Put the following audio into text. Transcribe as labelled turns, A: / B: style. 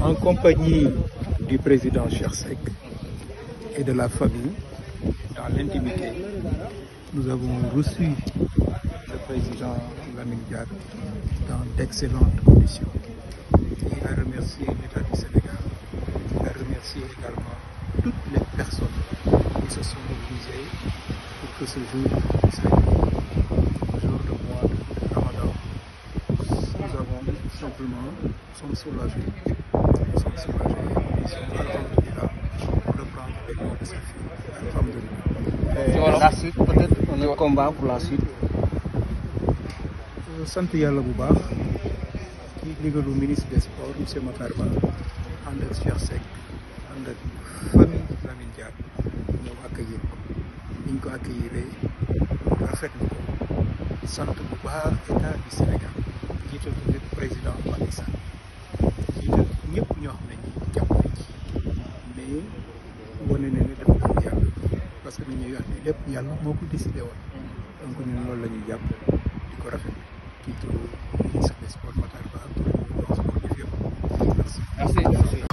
A: en compagnie du président Chersek et de la famille, dans l'intimité,
B: nous avons reçu le président la dans d'excellentes conditions. Il a remercié l'État du Sénégal. Il a remercié également toutes les personnes qui se sont
C: mobilisées pour que ce jour soit le jour de mois de Ramadan. Nous avons simplement son soulagé
D: la suite peut-être on est combat pour la suite.
E: sant yàlla bu baax ci ndigalu ministre des sports monsieur Matar Ba Cheikh Seck ànd ak famille Lamine Diack
B: accueillir ko ko accueillir rafet ko bu
A: baax état du Sénégal gitu, président
F: yi wane ne ne dafa am yàlla parce que ni ñuy wax lépp yàlla moo ko décidé woon donc ñun loolu la ñuy jàpp di ko
B: rafet ci turu ministre des sports Matar Ba ak turu
C: sport yëpp